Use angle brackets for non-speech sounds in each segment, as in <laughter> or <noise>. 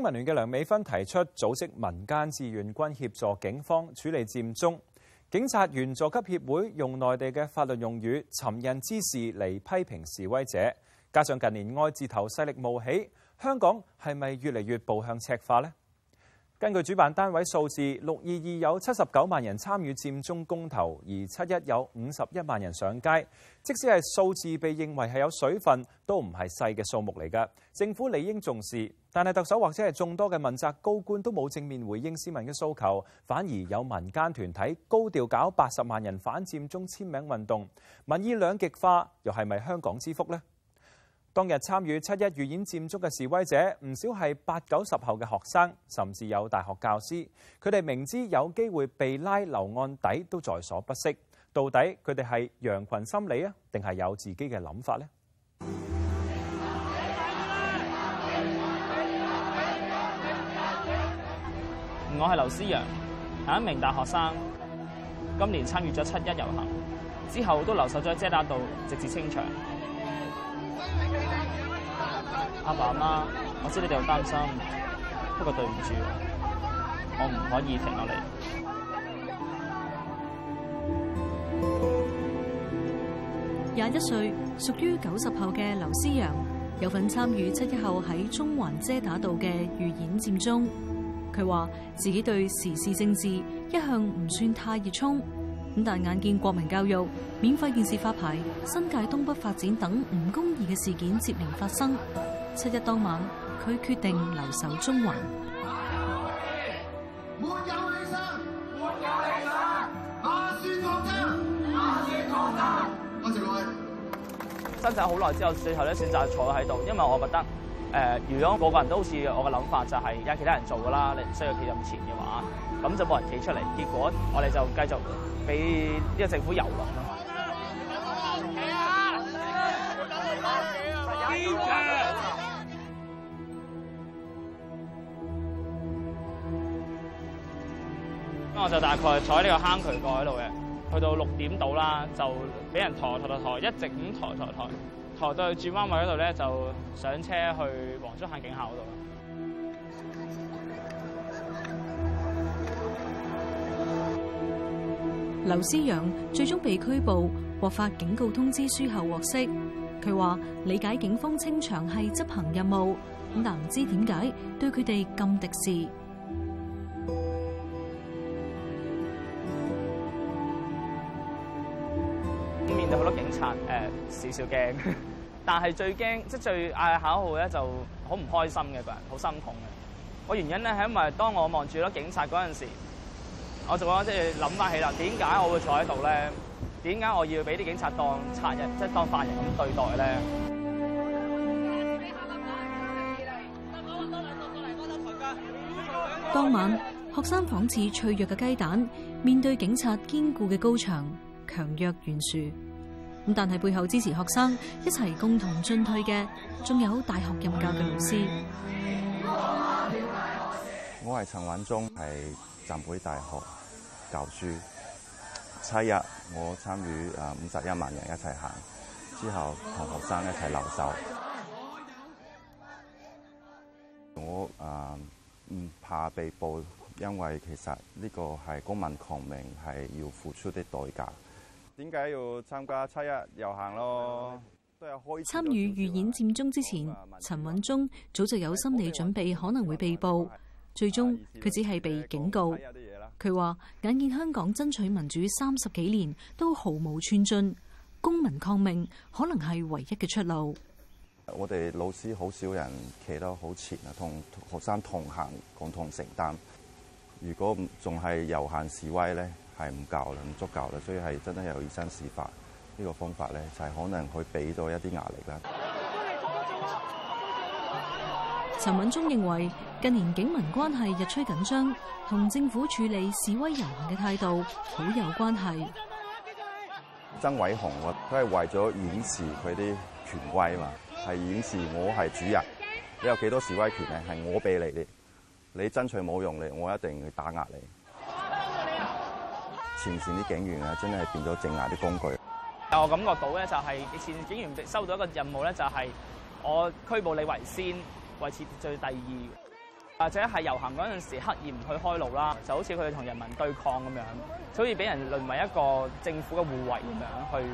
民聯嘅梁美芬提出組織民間志願軍協助警方處理佔中，警察員佐級協會用內地嘅法律用語“尋釁滋事”嚟批評示威者，加上近年愛字頭勢力冒起，香港係咪越嚟越步向赤化咧？根據主辦單位數字，六二二有七十九萬人參與佔中公投，而七一有五十一萬人上街。即使係數字被認為係有水分，都唔係細嘅數目嚟㗎。政府理應重視，但係特首或者係眾多嘅問責高官都冇正面回應市民嘅訴求，反而有民間團體高調搞八十萬人反佔中簽名運動。民意兩極化，又係咪香港之福呢？當日參與七一預演佔中嘅示威者，唔少係八九十後嘅學生，甚至有大學教師。佢哋明知有機會被拉留案底，都在所不惜。到底佢哋係羊群心理呀，定係有自己嘅諗法呢？我係劉思洋，係一名大學生。今年參與咗七一遊行，之後都留守咗遮打道，直至清場。阿爸阿媽,媽，我知你哋好擔心，不過對唔住，我唔可以停落嚟。廿一歲，屬於九十後嘅劉思陽，有份參與七一後喺中環遮打道嘅預演佔中。佢話自己對時事政治一向唔算太熱衷。咁但眼見國民教育、免費電視發牌、新界東北發展等唔公義嘅事件接連發生，七日當晚，佢決定留守中環。掙扎好耐之後，最後咧選擇坐喺度，因為我覺得。誒，如果個個人都好似我嘅諗法，就係而家其他人做㗎啦，你唔需要企咁前嘅話，咁就冇人企出嚟。結果我哋就繼續俾呢個政府遊啦。咁我就大概坐喺呢個坑渠過喺度嘅，去到六點到啦，就俾人抬抬，抬抬抬抬，一直咁抬抬抬。坐到去轉彎位嗰度咧，就上車去黃竹坑警校嗰度。劉思陽最終被拘捕，獲發警告通知書後獲釋。佢話：理解警方清場係執行任務，但唔知點解對佢哋咁敵視。咁面對好多警察誒、呃，少少驚。但係最驚，即最嗌口號咧就好唔開心嘅個人，好心痛嘅。個原因咧，係因為當我望住咗警察嗰陣時，我就講即諗翻起啦，點解我會坐喺度咧？點解我要俾啲警察當賊人，即當犯人咁對待咧？當晚學生仿似脆弱嘅雞蛋，面對警察堅固嘅高牆，強弱懸殊。但係背後支持學生一齊共同進退嘅，仲有大學任教嘅老師。我係陳允中，係浸會大學教書。七日我參與啊五十一萬人一齊行之後，同學生一齊留守。我啊唔怕被捕，因為其實呢個係公民抗命，係要付出的代價。點解要參加七一遊行咯？參與預演佔中之前，陳敏忠早就有心理準備可能會被捕，嗯、最終佢只係被警告。佢、嗯、話：眼見香港爭取民主三十幾年都毫無寸進，公民抗命可能係唯一嘅出路。我哋老師好少人企得好前啊，同學生同，同，同，同行，共同，同承擔。如果仲係遊行示威呢？係唔夠啦，唔足夠啦，所以係真係有以身試法呢、呢個方法咧，係、就係、可能佢俾到一啲壓力啦。陳文忠認為近年警民關係日趨緊張，同政府處理示威遊行嘅態度好有關係。曾偉雄啊，佢係為咗顯示佢啲權威嘛，係顯示我係主人，你有幾多示威權咧？係我俾你啲，你爭取冇用咧，我一定去打壓你。前線啲警員啊，真係變咗鎮壓啲工具。但我感覺到咧，就係前線警員收到一個任務咧，就係我拘捕你為先，維持秩序第二。或者係遊行嗰陣時候刻意唔去開路啦，就好似佢哋同人民對抗咁樣，所以俾人淪為一個政府嘅護衞咁樣去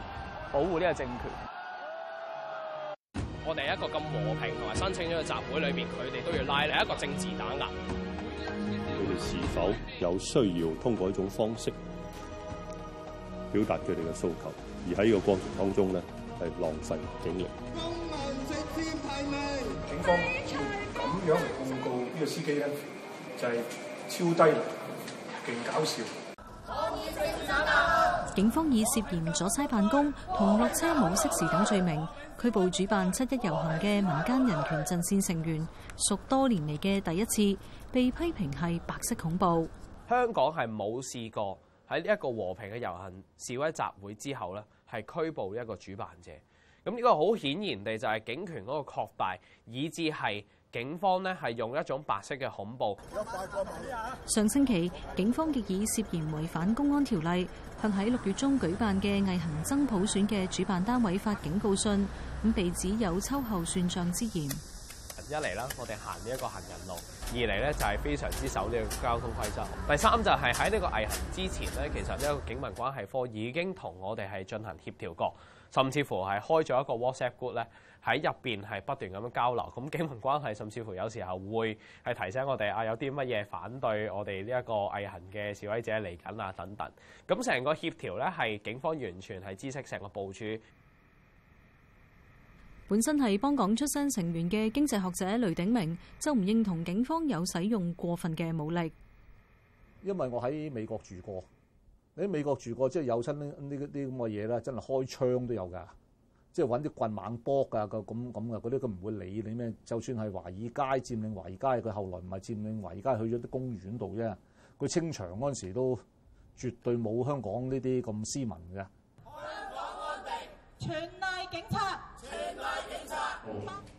保護呢個政權。我哋一個咁和平同埋申請咗個集會裏面，佢哋都要拉嚟一個政治打壓。佢哋是否有需要通過一種方式？表達佢哋嘅訴求，而喺呢個過程當中咧係浪費警力。公民直天警方咁樣控告呢個司機咧，就係、是、超低勁搞笑。警方以涉嫌阻差辦公同落車冇熄匙等罪名拘捕主辦七一遊行嘅民間人權陣線成員，屬多年嚟嘅第一次，被批評係白色恐怖。香港係冇試過。喺呢一個和平嘅遊行示威集會之後呢係拘捕一個主辦者。咁呢個好顯然地就係警權嗰個擴大，以至係警方呢係用一種白色嘅恐怖。上星期，警方亦以涉嫌違反公安條例，向喺六月中舉辦嘅毅行爭普選嘅主辦單位發警告信，咁被指有秋後算賬之嫌。一嚟啦，我哋行呢一個行人路；二嚟咧就係非常之守呢個交通規則。第三就係喺呢個遊行之前咧，其實呢一個警民關係科已經同我哋係進行協調過，甚至乎係開咗一個 WhatsApp group 咧，喺入面係不斷咁樣交流。咁警民關係甚至乎有時候會係提醒我哋啊，有啲乜嘢反對我哋呢一個遊行嘅示威者嚟緊啊等等。咁成個協調咧係警方完全係知識成個部署。本身係幫港出身成員嘅經濟學者雷鼎明，就唔認同警方有使用過分嘅武力。因為我喺美國住過，喺美國住過即係有親呢啲啲咁嘅嘢啦，真係開槍都有噶，即係揾啲棍猛搏噶，咁咁嘅嗰啲佢唔會理你咩。就算係華爾街佔領華爾街，佢後來唔係佔領華爾街，去咗啲公園度啫。佢清場嗰陣時都絕對冇香港呢啲咁斯文嘅。香港安定全賴警察。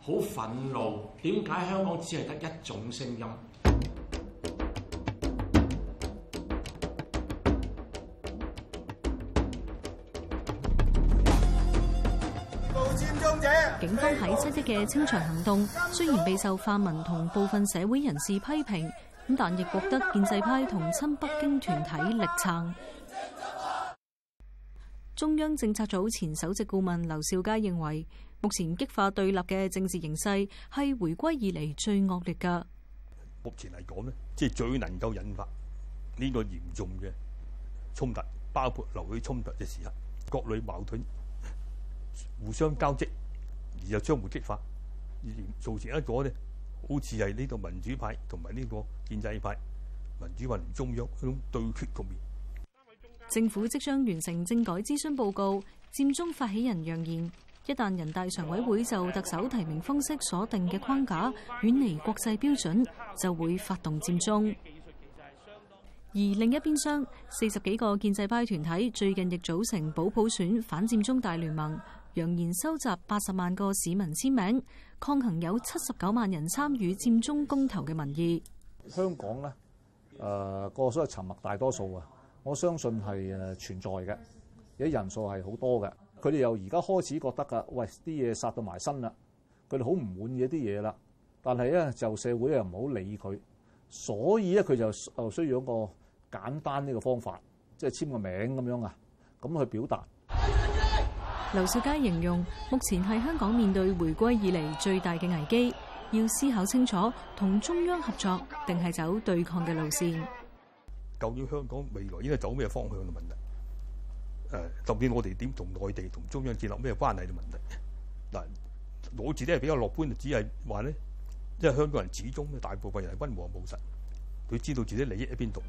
好、哦、憤怒！點解香港只係得一種聲音？警方喺七一嘅清場行動雖然備受泛民同部分社會人士批評，咁但亦獲得建制派同親北京團體力撐。中央政策組前首席顧問劉兆佳認為。目前激化對立嘅政治形勢係回歸以嚟最惡劣嘅。目前嚟講呢，即係最能夠引發呢個嚴重嘅衝突，包括流血衝突嘅時候，各類矛盾互相交織，而又相互激發，而造成一個咧好似係呢個民主派同埋呢個建制派民主運動中央嗰種對決局面。政府即將完成政改諮詢報告，佔中發起人揚言。一旦人大常委會就特首提名方式鎖定嘅框架遠離國際標準，就會發動佔中。而另一邊廂，四十幾個建制派團體最近亦組成保普，普選反佔中大聯盟，揚言收集八十萬個市民簽名，抗衡有七十九萬人參與佔中公投嘅民意。香港呢誒，個、呃、所謂沉默大多數啊，我相信係誒存在嘅，而人數係好多嘅。佢哋由而家開始覺得噶，喂啲嘢殺到埋身啦，佢哋好唔滿意啲嘢啦。但係咧就社會又唔好理佢，所以咧佢就又需要一個簡單呢個方法，即係簽個名咁樣啊，咁去表達。劉少佳形容目前係香港面對回歸以嚟最大嘅危機，要思考清楚同中央合作定係走對抗嘅路線。究竟香港未來應該走咩方向嘅問題？誒，特別我哋點同內地同中央建立咩關係嘅問題？嗱，我自己係比較樂觀，只係話咧，因為香港人始終大部分人係温和務實，佢知道自己利益喺邊度。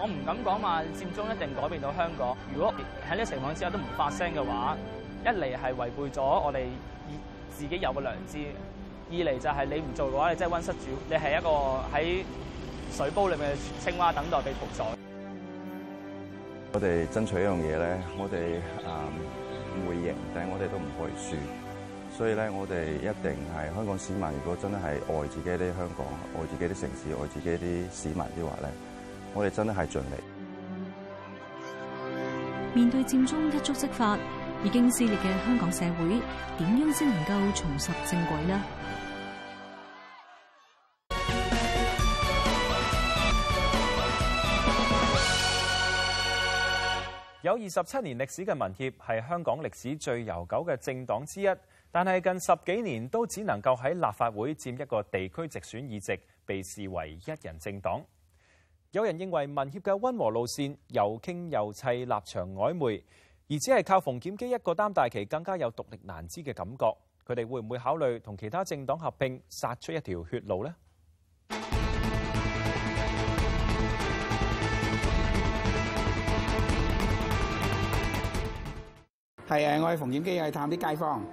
我唔敢講話佔中一定改變到香港。如果喺呢個情況之下都唔發聲嘅話，一嚟係違背咗我哋自己有個良知；二嚟就係你唔做嘅話，你真係温室主，你係一個喺水煲裡面嘅青蛙，等待被屠宰。我哋爭取一樣嘢咧，我哋誒會贏，但係我哋都唔可以輸，所以咧，我哋一定係香港市民，如果真係愛自己啲香港、愛自己啲城市、愛自己啲市民嘅話咧，我哋真係盡力。面對佔中一觸即發，已經撕裂嘅香港社會，點樣先能夠重拾正軌呢？有二十七年歷史嘅民協係香港歷史最悠久嘅政黨之一，但係近十幾年都只能夠喺立法會佔一個地區直選議席，被視為一人政黨。有人認為民協嘅温和路線又傾又砌，立場曖昧，而只係靠馮檢基一個擔大旗，更加有獨力難支嘅感覺。佢哋會唔會考慮同其他政黨合併，殺出一條血路呢？係啊！我係馮檢基去探啲街坊，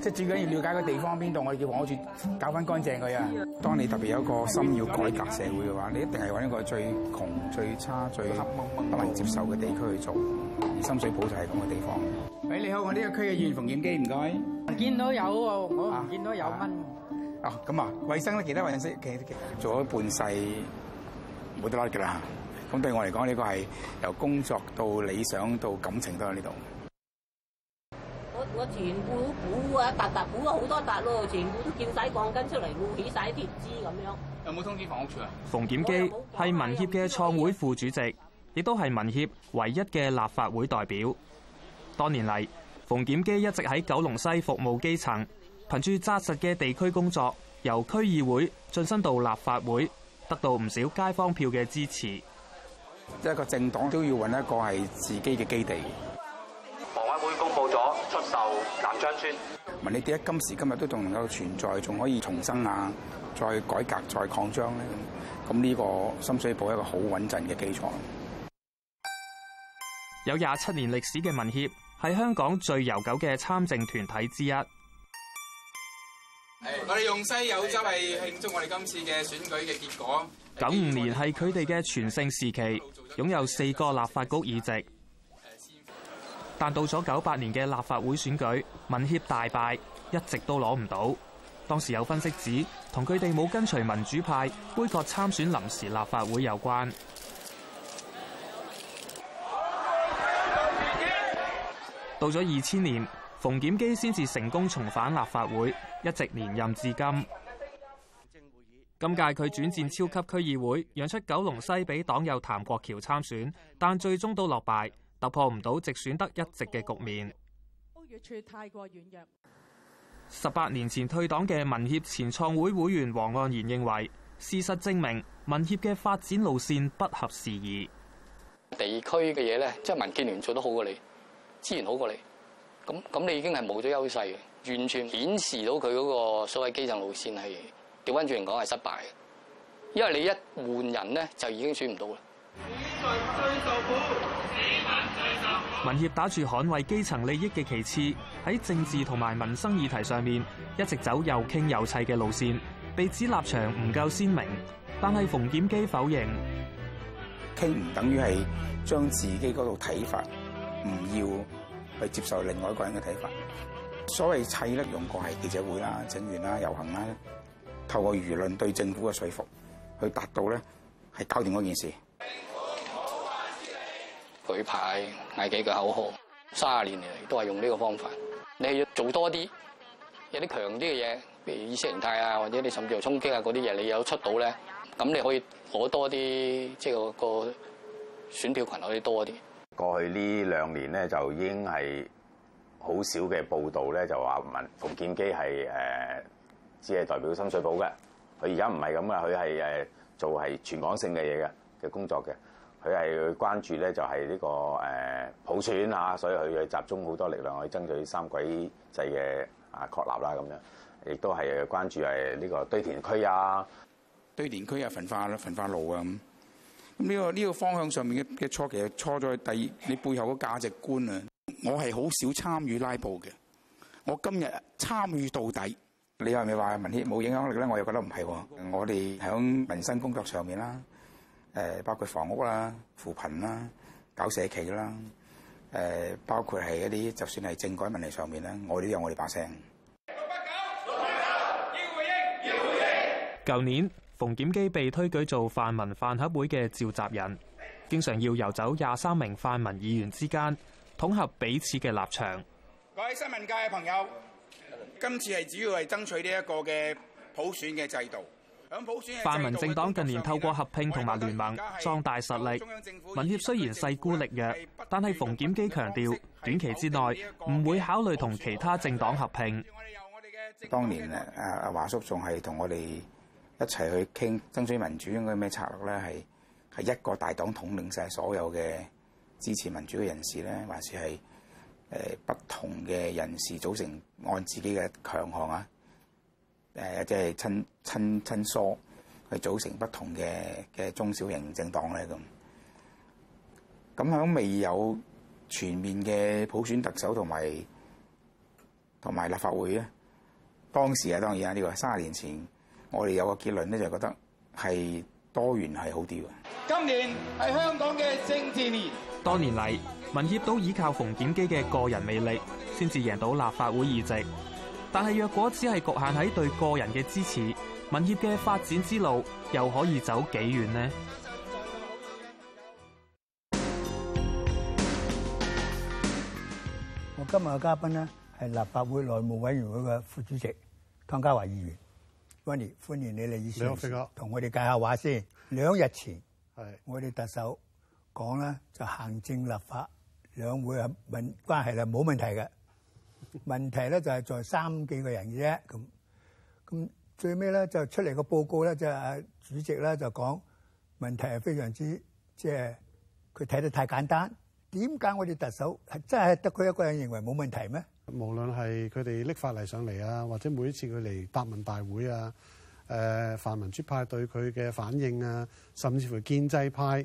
即係最緊要了解個地方邊度，我哋叫要往住搞翻乾淨佢啊、嗯嗯嗯。當你特別有一個心要改革社會嘅話，你一定係揾一個最窮、最差、最黑不能接受嘅地區去做。而深水埗就係咁嘅地方。喂、嗯，你好，我呢個區嘅議員馮檢基，唔該。見到有喎，我唔見到有蚊。啊，咁啊，衞、啊啊、生咧，其他衞生，其其，其做咗半世冇得甩嘅啦。咁對我嚟講，呢、這個係由工作到理想到感情都喺呢度。我全部鼓啊，一笪笪啊，好多笪咯，全部都見晒鋼筋出嚟，起晒鐵枝咁樣。有冇通知房屋處啊？馮檢基係民協嘅創會副主席，亦都係民協唯一嘅立法會代表。多年嚟，馮檢基一直喺九龍西服務基層，憑住紮實嘅地區工作，由區議會晉身到立法會，得到唔少街坊票嘅支持。即係個政黨都要搵一個係自己嘅基地。就南張村，問你點解今時今日都仲能夠存在，仲可以重生啊，再改革、再擴張咧？咁呢個深水埗係一個好穩陣嘅基礎。有廿七年歷史嘅民協，係香港最悠久嘅參政團體之一。我哋用西柚汁嚟慶祝我哋今次嘅選舉嘅結果。九五年係佢哋嘅全盛時期，嗯，擁有四個立法局議席。但到咗九八年嘅立法會選舉，民協大敗，一直都攞唔到。當時有分析指，同佢哋冇跟隨民主派杯葛參選臨時立法會有關。到咗二千年，馮檢基先至成功重返立法會，一直連任至今。今屆佢轉戰超級區議會，讓出九龍西俾黨友譚國橋參選，但最終都落敗。突破唔到直選得一席嘅局面。歐悅柱太過軟弱。十八年前退黨嘅民協前創會會員王岸然認為，事實證明民協嘅發展路線不合時宜地區的。地區嘅嘢咧，即係民建聯做得好過你，資源好過你，咁咁你已經係冇咗優勢嘅，完全顯示到佢嗰個所謂基層路線係調翻轉嚟講係失敗嘅，因為你一換人咧就已經選唔到啦。民協打住捍衞基層利益嘅旗幟，喺政治同埋民生議題上面，一直走又傾又砌嘅路線，被指立場唔夠鮮明。但係馮檢基否認，傾唔等於係將自己嗰度睇法，唔要去接受另外一個人嘅睇法。所謂砌咧，用過係記者會啦、請願啦、遊行啦，透過輿論對政府嘅說服，去達到咧係搞掂嗰件事。舉牌嗌幾句口號，卅年嚟都係用呢個方法。你係要做多啲，有啲強啲嘅嘢，譬如意識形態啊，或者你甚至有衝擊啊嗰啲嘢，你有出到咧，咁你可以攞多啲，即係個個選票群落啲多啲。過去呢兩年咧就已經係好少嘅報導咧，就話唔係馮檢基係誒只係代表深水埗嘅，佢而家唔係咁噶，佢係誒做係全港性嘅嘢嘅嘅工作嘅。佢係關注咧，就係呢個誒普選啊。所以佢去集中好多力量去爭取三軌制嘅啊確立啦咁樣，亦都係關注係呢個堆填區啊、堆填區啊焚化咯、焚化爐啊咁。呢、這個呢、這個方向上面嘅嘅錯其實錯在第二你背後個價值觀啊。我係好少參與拉布嘅，我今日參與到底。你係咪話民協冇影響力咧？我又覺得唔係喎。我哋喺民生工作上面啦。誒包括房屋啦、扶貧啦、搞社企啦，誒包括係一啲就算係政改問題上面咧，我都有我哋把聲。要回應，要回應。舊年馮檢基被推舉做泛民飯盒會嘅召集人，經常要游走廿三名泛民議員之間，統合彼此嘅立場。各位新聞界嘅朋友，今次係主要係爭取呢一個嘅普選嘅制度。泛民政黨近年透過合併同埋聯盟壯大實力。民協雖然勢孤力弱，但係馮檢基強調，短期之內唔會考慮同其他政黨合併。當年誒阿華叔仲係同我哋一齊去傾爭取民主應該咩策略咧？係係一個大黨統領晒所有嘅支持民主嘅人士咧，還是係誒、呃、不同嘅人士組成按自己嘅強項啊？誒，即係親親親疏去組成不同嘅嘅中小型政黨咧咁。咁響未有全面嘅普選特首同埋同埋立法會咧，當時啊當然啊呢個卅年前，我哋有個結論咧就覺得係多元係好啲喎。今年係香港嘅政治年、嗯、當年來。多年嚟，民協都依靠馮檢基嘅個人魅力，先至贏到立法會議席。但係若果只係局限喺對個人嘅支持，民協嘅發展之路又可以走幾遠呢？我今日嘅嘉賓咧係立法會內務委員會嘅副主席湯家驊議員，Vinny，歡迎你嚟議事廳，同我哋介下話先。兩日前，係我哋特首講咧就行政立法兩會係問關係係冇問題嘅。 <laughs> 問題咧就係在三幾個人嘅啫，咁咁最尾咧就出嚟個報告咧就係主席咧就講問題係非常之，即係佢睇得太簡單。點解我哋特首係真係得佢一個人認為冇問題咩？無論係佢哋搦法例上嚟啊，或者每一次佢嚟答問大會啊，誒泛民主派對佢嘅反應啊，甚至乎建制派。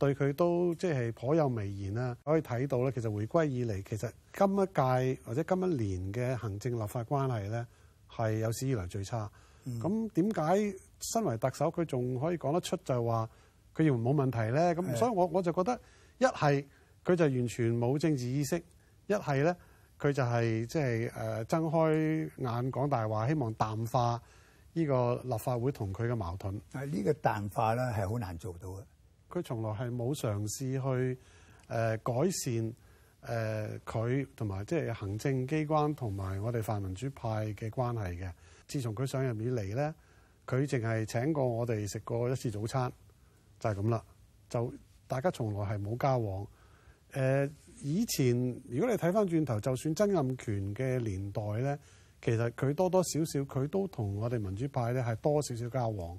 對佢都即係頗有微言啦，可以睇到咧。其實回歸以嚟，其實今一屆或者今一年嘅行政立法關係咧，係有史以來最差。咁點解身為特首，佢仲可以講得出就話佢認為冇問題咧？咁所以我我就覺得，一係佢就完全冇政治意識，一係咧佢就係即係誒睜開眼講大話，希望淡化呢個立法會同佢嘅矛盾。誒，呢個淡化咧係好難做到嘅。佢從來係冇嘗試去誒、呃、改善誒佢同埋即係行政機關同埋我哋泛民主派嘅關係嘅。自從佢上任以嚟咧，佢淨係請過我哋食過一次早餐，就係咁啦。就大家從來係冇交往。誒、呃，以前如果你睇翻轉頭，就算曾蔭權嘅年代咧，其實佢多多少少佢都同我哋民主派咧係多少少交往。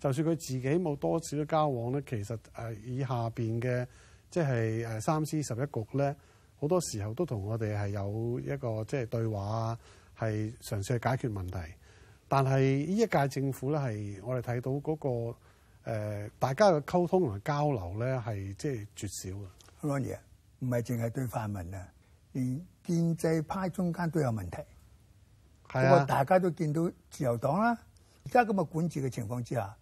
就算佢自己冇多少嘅交往咧，其實誒以下邊嘅即係誒三司十一局咧，好多時候都同我哋係有一個即係、就是、對話，啊，係嘗試去解決問題。但係呢一屆政府咧係我哋睇到嗰、那個誒大家嘅溝通同埋交流咧係即係絕少啊。阿爺唔係淨係對泛民啊，而建制派中間都有問題，係啊，大家都見到自由黨啦。而家咁嘅管治嘅情況之下。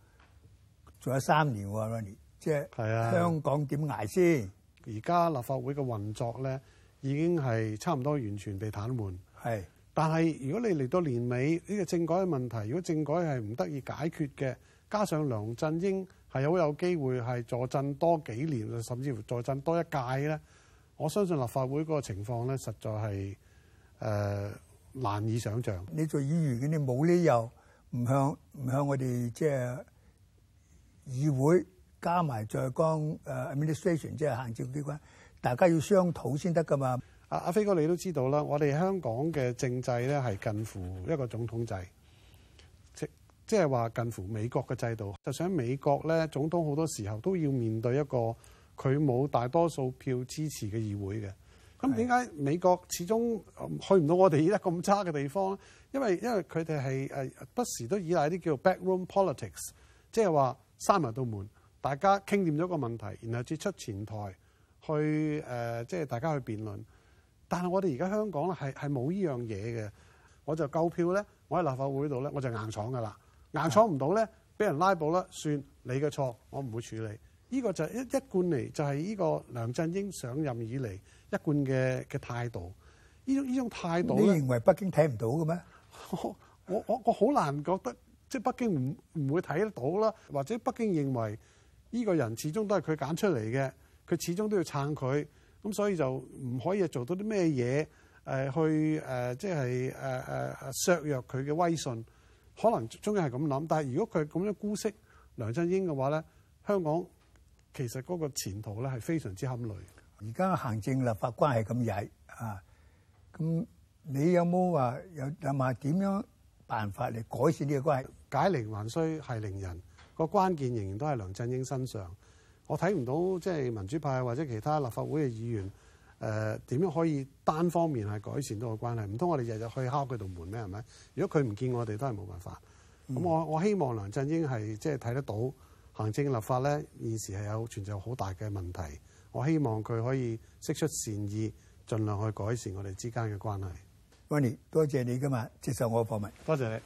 仲有三年喎，Rani，即係、啊、香港點捱先？而家立法會嘅運作咧，已經係差唔多完全被癱瘓。係，但係如果你嚟到年尾，呢、呢個政改嘅問題，如果政改係唔得以解決嘅，加上梁振英係好有機會係坐鎮多幾年，甚至乎坐鎮多一屆咧，我相信立法會嗰個情況咧，實在係誒、呃、難以想像。你做議員嘅，你冇理由唔向唔向我哋即係。議會加埋在崗、uh, administration，即係行政機關，大家要商討先得噶嘛。阿、啊、阿飛哥，你都知道啦。我哋香港嘅政制咧係近乎一個總統制，即即係話近乎美國嘅制度。就想美國咧，總統好多時候都要面對一個佢冇大多數票支持嘅議會嘅。咁點解美國始終、嗯、去唔到我哋而家咁差嘅地方咧？因為因為佢哋係不時都依賴啲叫做 backroom politics，即係話。三日到滿，大家傾掂咗個問題，然後接出前台去誒、呃，即係大家去辯論。但係我哋而家香港咧係係冇呢樣嘢嘅，我就夠票咧，我喺立法會度咧，我就硬闖噶啦，硬闖唔到咧，俾人拉布啦，算你嘅錯，我唔會處理。呢個就係一一貫嚟，就係呢個梁振英上任以嚟一貫嘅嘅態度。呢種依種態度你認為北京睇唔到嘅咩？我我我好難覺得。即係北京唔唔會睇得到啦，或者北京認為呢個人始終都係佢揀出嚟嘅，佢始終都要撐佢，咁所以就唔可以做到啲咩嘢，誒去誒、呃、即係誒誒削弱佢嘅威信，可能中央係咁諗，但係如果佢咁樣姑息梁振英嘅話咧，香港其實嗰個前途咧係非常之堪慮，而家行政立法關係咁曳啊，咁你有冇話有同埋點樣？辦法嚟改善呢個關係，解鈴還需繫鈴人，個關鍵仍然都係梁振英身上。我睇唔到即係民主派或者其他立法會嘅議員誒點、呃、樣可以單方面係改善到個關係，唔通我哋日日去敲佢道門咩？係咪？如果佢唔見我哋都係冇辦法。咁、嗯、我我希望梁振英係即係睇得到行政立法咧現時係有存在好大嘅問題，我希望佢可以釋出善意，盡量去改善我哋之間嘅關係。Money, 多謝你今日接受我嘅訪問。多謝你。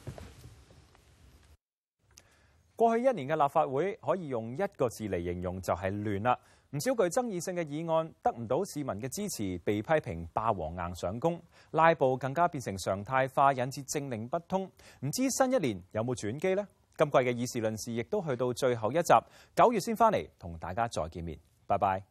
過去一年嘅立法會可以用一個字嚟形容就了，就係亂啦。唔少具爭議性嘅議案得唔到市民嘅支持，被批評霸王硬上弓，拉布更加變成常態化，引致政令不通。唔知新一年有冇轉機呢？今季嘅議事論事亦都去到最後一集，九月先翻嚟同大家再見面。拜拜。